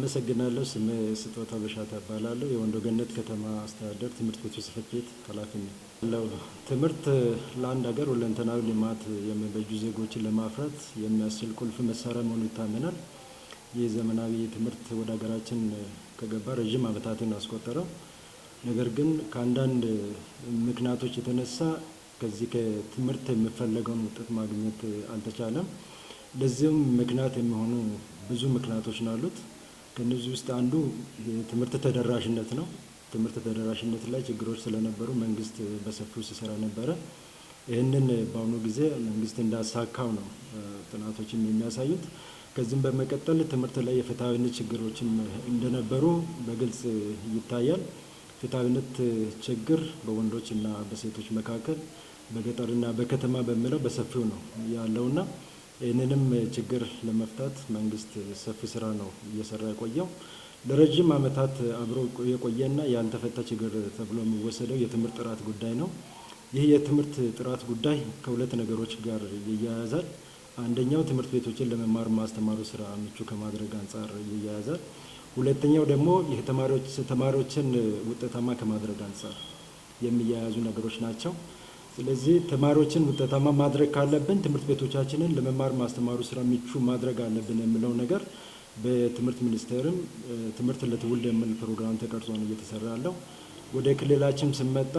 አመሰግናለሁ። ስሜ ስጦታ በሻት እባላለሁ። የወንዶ ገነት ከተማ አስተዳደር ትምህርት ቤቶች ጽሕፈት ቤት ኃላፊ ትምህርት ለአንድ ሀገር ሁለንተናዊ ልማት የሚበጁ ዜጎችን ለማፍራት የሚያስችል ቁልፍ መሳሪያ መሆኑ ይታመናል። ይህ ዘመናዊ ትምህርት ወደ ሀገራችን ከገባ ረዥም ዓመታትን አስቆጠረው። ነገር ግን ከአንዳንድ ምክንያቶች የተነሳ ከዚህ ከትምህርት የሚፈለገውን ውጤት ማግኘት አልተቻለም። ለዚህም ምክንያት የሚሆኑ ብዙ ምክንያቶች ናሉት። ከነዚህ ውስጥ አንዱ ትምህርት ተደራሽነት ነው። ትምህርት ተደራሽነት ላይ ችግሮች ስለነበሩ መንግስት በሰፊው ሲሰራ ነበረ። ይህንን በአሁኑ ጊዜ መንግስት እንዳሳካው ነው ጥናቶችም የሚያሳዩት። ከዚህም በመቀጠል ትምህርት ላይ የፍትሐዊነት ችግሮችም እንደነበሩ በግልጽ ይታያል። ፍትሐዊነት ችግር በወንዶች እና በሴቶች መካከል በገጠርና በከተማ በሚለው በሰፊው ነው ያለውና ይህንንም ችግር ለመፍታት መንግስት ሰፊ ስራ ነው እየሰራ የቆየው። ለረጅም ዓመታት አብሮ የቆየና ያልተፈታ ችግር ተብሎ የሚወሰደው የትምህርት ጥራት ጉዳይ ነው። ይህ የትምህርት ጥራት ጉዳይ ከሁለት ነገሮች ጋር ይያያዛል። አንደኛው ትምህርት ቤቶችን ለመማር ማስተማሩ ስራ ምቹ ከማድረግ አንጻር ይያያዛል። ሁለተኛው ደግሞ የተማሪዎችን ውጤታማ ከማድረግ አንጻር የሚያያዙ ነገሮች ናቸው። ስለዚህ ተማሪዎችን ውጤታማ ማድረግ ካለብን ትምህርት ቤቶቻችንን ለመማር ማስተማሩ ስራ ምቹ ማድረግ አለብን የሚለው ነገር በትምህርት ሚኒስቴርም ትምህርት ለትውልድ የሚል ፕሮግራም ተቀርጾ ነው እየተሰራ ያለው። ወደ ክልላችን ስመጣ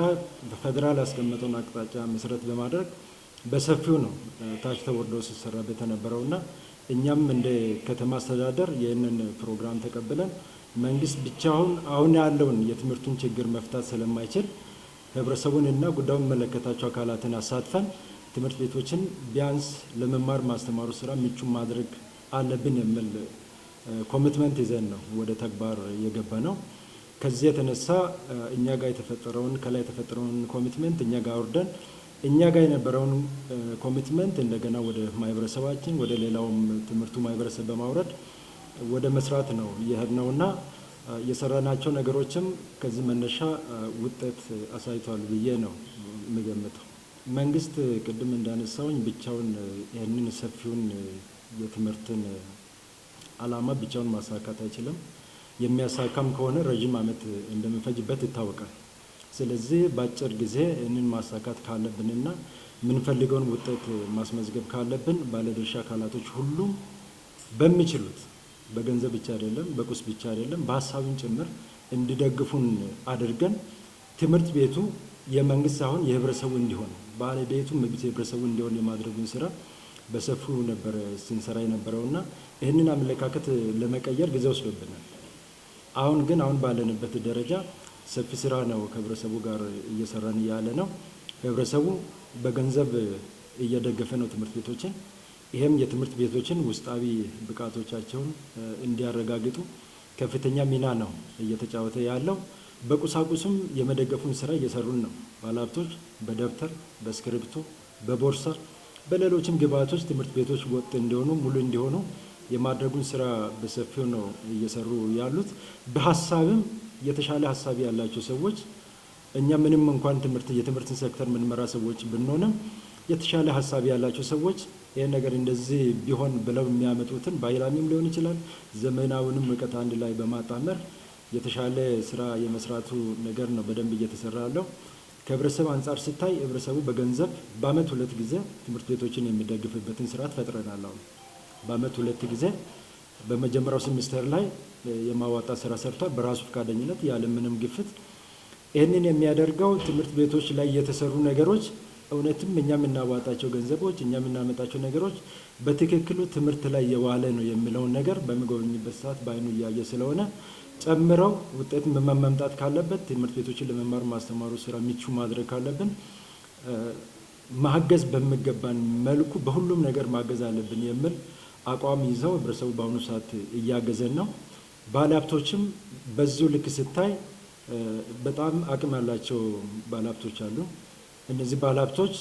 በፌዴራል ያስቀመጠውን አቅጣጫ መሰረት በማድረግ በሰፊው ነው ታች ተወርዶ ሲሰራበት በተነበረው እና እኛም እንደ ከተማ አስተዳደር ይህንን ፕሮግራም ተቀብለን መንግስት ብቻውን አሁን ያለውን የትምህርቱን ችግር መፍታት ስለማይችል ህብረተሰቡን እና ጉዳዩን የሚመለከታቸው አካላትን አሳትፈን ትምህርት ቤቶችን ቢያንስ ለመማር ማስተማሩ ስራ ምቹ ማድረግ አለብን የሚል ኮሚትመንት ይዘን ነው ወደ ተግባር የገባ ነው። ከዚህ የተነሳ እኛ ጋር የተፈጠረውን ከላይ የተፈጠረውን ኮሚትመንት እኛ ጋር አውርደን እኛ ጋር የነበረውን ኮሚትመንት እንደገና ወደ ማህበረሰባችን ወደ ሌላውም ትምህርቱ ማህበረሰብ በማውረድ ወደ መስራት ነው ነው እና የሰራናቸው ነገሮችም ከዚህ መነሻ ውጤት አሳይቷል ብዬ ነው የምገምተው። መንግስት ቅድም እንዳነሳውኝ ብቻውን ይህንን ሰፊውን የትምህርትን አላማ ብቻውን ማሳካት አይችልም። የሚያሳካም ከሆነ ረዥም ዓመት እንደምንፈጅበት ይታወቃል። ስለዚህ በአጭር ጊዜ ይህንን ማሳካት ካለብንና የምንፈልገውን ውጤት ማስመዝገብ ካለብን ባለድርሻ አካላቶች ሁሉም በሚችሉት በገንዘብ ብቻ አይደለም፣ በቁስ ብቻ አይደለም፣ በሀሳብን ጭምር እንዲደግፉን አድርገን ትምህርት ቤቱ የመንግስት ሳይሆን የህብረተሰቡ እንዲሆን ባለቤቱ ምግብ የህብረተሰቡ እንዲሆን የማድረጉን ስራ በሰፊው ነበር ስንሰራ የነበረው እና ይህንን አመለካከት ለመቀየር ጊዜ ወስዶብናል። አሁን ግን አሁን ባለንበት ደረጃ ሰፊ ስራ ነው ከህብረተሰቡ ጋር እየሰራን ያለ ነው። ህብረተሰቡ በገንዘብ እየደገፈ ነው ትምህርት ቤቶችን ይህም የትምህርት ቤቶችን ውስጣዊ ብቃቶቻቸውን እንዲያረጋግጡ ከፍተኛ ሚና ነው እየተጫወተ ያለው። በቁሳቁስም የመደገፉን ስራ እየሰሩን ነው ባለሀብቶች። በደብተር፣ በእስክሪብቶ፣ በቦርሳ፣ በሌሎችም ግብአቶች ትምህርት ቤቶች ወጥ እንዲሆኑ ሙሉ እንዲሆኑ የማድረጉን ስራ በሰፊው ነው እየሰሩ ያሉት። በሀሳብም የተሻለ ሀሳብ ያላቸው ሰዎች እኛ ምንም እንኳን ትምህርት የትምህርትን ሴክተር ምንመራ ሰዎች ብንሆንም የተሻለ ሀሳብ ያላቸው ሰዎች ይህን ነገር እንደዚህ ቢሆን ብለው የሚያመጡትን ባይላሚም ሊሆን ይችላል ዘመናዊንም እውቀት አንድ ላይ በማጣመር የተሻለ ስራ የመስራቱ ነገር ነው በደንብ እየተሰራ ያለው። ከህብረተሰብ አንጻር ስታይ ህብረተሰቡ በገንዘብ በአመት ሁለት ጊዜ ትምህርት ቤቶችን የሚደግፍበትን ስርዓት ፈጥረናል። አሁን በአመት ሁለት ጊዜ በመጀመሪያው ሴሚስተር ላይ የማዋጣ ስራ ሰርቷል፣ በራሱ ፈቃደኝነት ያለምንም ግፍት። ይህንን የሚያደርገው ትምህርት ቤቶች ላይ የተሰሩ ነገሮች እውነትም እኛ የምናዋጣቸው ገንዘቦች እኛ የምናመጣቸው ነገሮች በትክክሉ ትምህርት ላይ የዋለ ነው የሚለውን ነገር በሚጎበኝበት ሰዓት በአይኑ እያየ ስለሆነ ጨምረው ውጤት መምጣት ካለበት ትምህርት ቤቶችን ለመማር ማስተማሩ ስራ ምቹ ማድረግ ካለብን ማገዝ በሚገባን መልኩ በሁሉም ነገር ማገዝ አለብን የሚል አቋም ይዘው ህብረተሰቡ በአሁኑ ሰዓት እያገዘን ነው። ባለሀብቶችም በዚሁ ልክ ስታይ በጣም አቅም ያላቸው ባለሀብቶች አሉ። እነዚህ ባለሀብቶች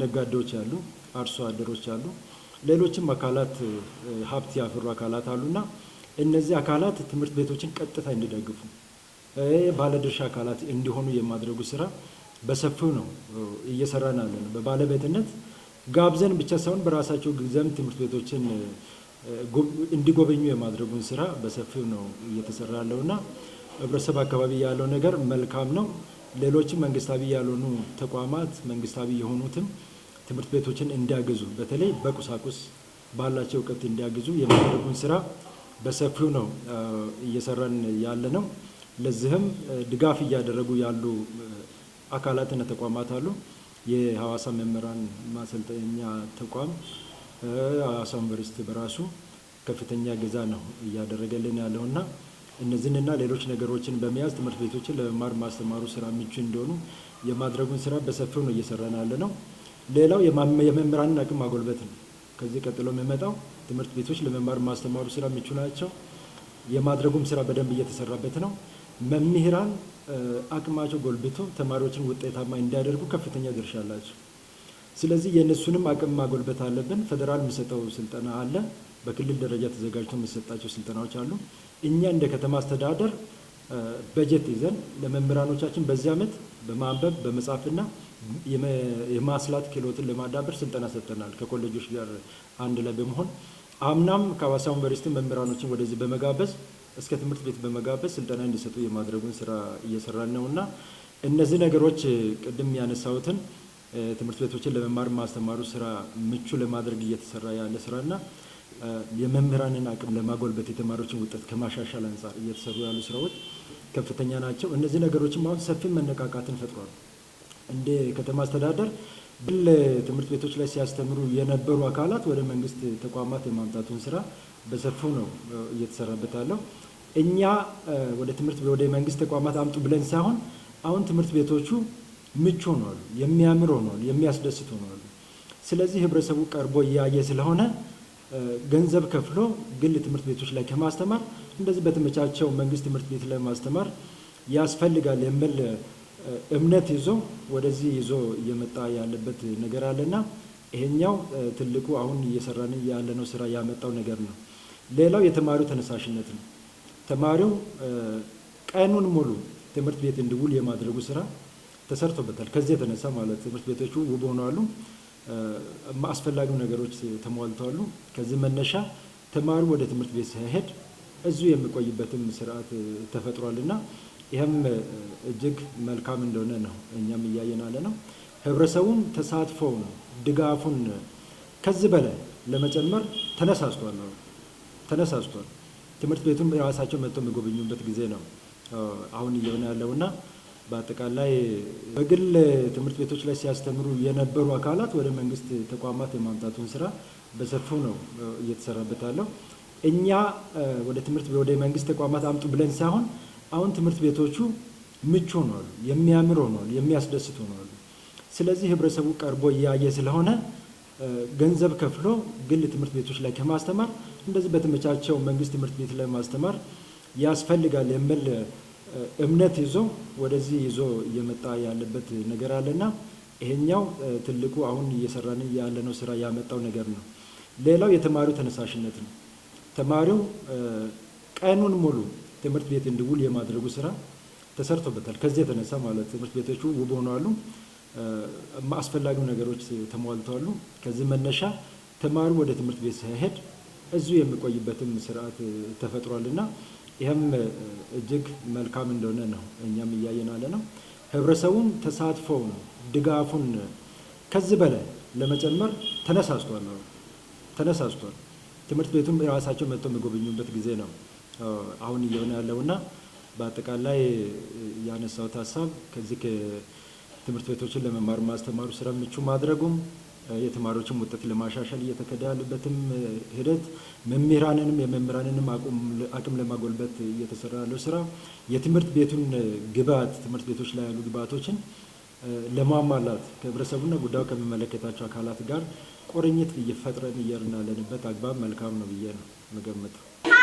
ነጋዴዎች አሉ፣ አርሶ አደሮች አሉ፣ ሌሎችም አካላት ሀብት ያፈሩ አካላት አሉና እነዚህ አካላት ትምህርት ቤቶችን ቀጥታ እንዲደግፉ ባለድርሻ አካላት እንዲሆኑ የማድረጉ ስራ በሰፊው ነው እየሰራን ያለን። በባለቤትነት ጋብዘን ብቻ ሳይሆን በራሳቸው ጊዜም ትምህርት ቤቶችን እንዲጎበኙ የማድረጉን ስራ በሰፊው ነው እየተሰራ ያለውና ህብረተሰብ አካባቢ ያለው ነገር መልካም ነው። ሌሎችም መንግስታዊ ያልሆኑ ተቋማት መንግስታዊ የሆኑትም ትምህርት ቤቶችን እንዲያግዙ በተለይ በቁሳቁስ ባላቸው እውቀት እንዲያግዙ የሚያደርጉን ስራ በሰፊው ነው እየሰራን ያለ ነው። ለዚህም ድጋፍ እያደረጉ ያሉ አካላትና ተቋማት አሉ። የሐዋሳ መምህራን ማሰልጠኛ ተቋም ሐዋሳ ዩኒቨርሲቲ በራሱ ከፍተኛ ገዛ ነው እያደረገልን ያለውና እነዚህንና ሌሎች ነገሮችን በመያዝ ትምህርት ቤቶችን ለመማር ማስተማሩ ስራ ምቹ እንዲሆኑ የማድረጉን ስራ በሰፊው ነው እየሰራን ያለ ነው። ሌላው የመምህራንን አቅም ማጎልበት ነው። ከዚህ ቀጥሎ የሚመጣው ትምህርት ቤቶች ለመማር ማስተማሩ ስራ ምቹ ናቸው የማድረጉም ስራ በደንብ እየተሰራበት ነው። መምህራን አቅማቸው ጎልብቶ ተማሪዎችን ውጤታማ እንዲያደርጉ ከፍተኛ ድርሻ አላቸው። ስለዚህ የእነሱንም አቅም ማጎልበት አለብን። ፌዴራል የሚሰጠው ስልጠና አለ። በክልል ደረጃ ተዘጋጅተው የሚሰጣቸው ስልጠናዎች አሉ። እኛ እንደ ከተማ አስተዳደር በጀት ይዘን ለመምህራኖቻችን በዚህ ዓመት በማንበብ በመጻፍና የማስላት ክህሎትን ለማዳበር ስልጠና ሰጥተናል ከኮሌጆች ጋር አንድ ላይ በመሆን አምናም ከሀዋሳ ዩኒቨርሲቲ መምህራኖችን ወደዚህ በመጋበዝ እስከ ትምህርት ቤት በመጋበዝ ስልጠና እንዲሰጡ የማድረጉን ስራ እየሰራን ነው እና እነዚህ ነገሮች ቅድም ያነሳሁትን ትምህርት ቤቶችን ለመማር ማስተማሩ ስራ ምቹ ለማድረግ እየተሰራ ያለ ስራና የመምህራንን አቅም ለማጎልበት የተማሪዎችን ውጤት ከማሻሻል አንጻር እየተሰሩ ያሉ ስራዎች ከፍተኛ ናቸው። እነዚህ ነገሮችም አሁን ሰፊ መነቃቃትን ፈጥሯል። እንደ ከተማ አስተዳደር ግል ትምህርት ቤቶች ላይ ሲያስተምሩ የነበሩ አካላት ወደ መንግስት ተቋማት የማምጣቱን ስራ በሰፊው ነው እየተሰራበት ያለው። እኛ ወደ ትምህርት ወደ መንግስት ተቋማት አምጡ ብለን ሳይሆን አሁን ትምህርት ቤቶቹ ምቹ ሆኗል፣ የሚያምር ሆኗል፣ የሚያስደስት ሆኗል። ስለዚህ ህብረተሰቡ ቀርቦ እያየ ስለሆነ ገንዘብ ከፍሎ ግል ትምህርት ቤቶች ላይ ከማስተማር እንደዚህ በተመቻቸው መንግስት ትምህርት ቤት ላይ ማስተማር ያስፈልጋል የሚል እምነት ይዞ ወደዚህ ይዞ እየመጣ ያለበት ነገር አለና ይሄኛው ትልቁ አሁን እየሰራን ያለነው ስራ ያመጣው ነገር ነው። ሌላው የተማሪው ተነሳሽነት ነው። ተማሪው ቀኑን ሙሉ ትምህርት ቤት እንዲውል የማድረጉ ስራ ተሰርቶበታል። ከዚህ የተነሳ ማለት ትምህርት ቤቶቹ ውብ ሆነዋሉ። አስፈላጊው ነገሮች ተሟልተዋሉ። ከዚህ መነሻ ተማሪ ወደ ትምህርት ቤት ሳይሄድ እዙ የሚቆይበትም ስርዓት ተፈጥሯል እና ይህም እጅግ መልካም እንደሆነ ነው እኛም እያየን ያለ ነው። ህብረተሰቡም ተሳትፎውን ድጋፉን ከዚህ በላይ ለመጨመር ተነሳስቷል ነው ተነሳስቷል። ትምህርት ቤቱም ራሳቸው መጥተው የሚጎበኙበት ጊዜ ነው አሁን እየሆነ ያለውና በአጠቃላይ በግል ትምህርት ቤቶች ላይ ሲያስተምሩ የነበሩ አካላት ወደ መንግስት ተቋማት የማምጣቱን ስራ በሰፊው ነው እየተሰራበት ያለው። እኛ ወደ ትምህርት ወደ መንግስት ተቋማት አምጡ ብለን ሳይሆን አሁን ትምህርት ቤቶቹ ምቹ ሆኗል፣ የሚያምር ሆኗል፣ የሚያስደስት ሆኗል። ስለዚህ ህብረተሰቡ ቀርቦ እያየ ስለሆነ ገንዘብ ከፍሎ ግል ትምህርት ቤቶች ላይ ከማስተማር እንደዚህ በተመቻቸው መንግስት ትምህርት ቤት ላይ ማስተማር ያስፈልጋል የሚል እምነት ይዞ ወደዚህ ይዞ እየመጣ ያለበት ነገር አለና ይሄኛው ትልቁ አሁን እየሰራን ያለነው ስራ ያመጣው ነገር ነው። ሌላው የተማሪው ተነሳሽነት ነው። ተማሪው ቀኑን ሙሉ ትምህርት ቤት እንዲውል የማድረጉ ስራ ተሰርቶበታል። ከዚህ የተነሳ ማለት ትምህርት ቤቶቹ ውብ ሆነዋሉ፣ አስፈላጊው ነገሮች ተሟልተዋሉ። ከዚህ መነሻ ተማሪው ወደ ትምህርት ቤት ሳይሄድ እዚሁ የሚቆይበትም ስርዓት ተፈጥሯልና ይህም እጅግ መልካም እንደሆነ ነው እኛም እያየን ያለ ነው። ህብረተሰቡን ተሳትፎውን፣ ድጋፉን ከዚህ በላይ ለመጨመር ተነሳስቷል ነው ተነሳስቷል። ትምህርት ቤቱም የራሳቸው መጥቶ የሚጎበኙበት ጊዜ ነው አሁን እየሆነ እና በአጠቃላይ ያነሳውት ሀሳብ ከዚህ ትምህርት ቤቶችን ለመማር ማስተማሩ ስራ ምቹ ማድረጉም የተማሪዎችን ውጤት ለማሻሻል እየተከዳ ያለበትም ሂደት መምህራንንም የመምህራንንም አቅም ለማጎልበት እየተሰራ ያለው ስራ የትምህርት ቤቱን ግብዓት ትምህርት ቤቶች ላይ ያሉ ግብዓቶችን ለማሟላት ከህብረተሰቡና ጉዳዩ ከሚመለከታቸው አካላት ጋር ቁርኝት እየፈጥረን እየርናለንበት አግባብ መልካም ነው ብዬ ነው መገመጠው።